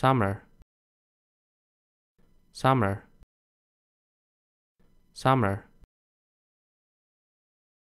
summer summer summer